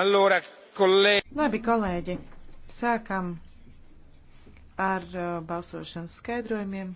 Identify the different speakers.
Speaker 1: Allora, kolēģi.
Speaker 2: Labi, kolēģi, sākam ar uh, balsošanas skaidrojumiem.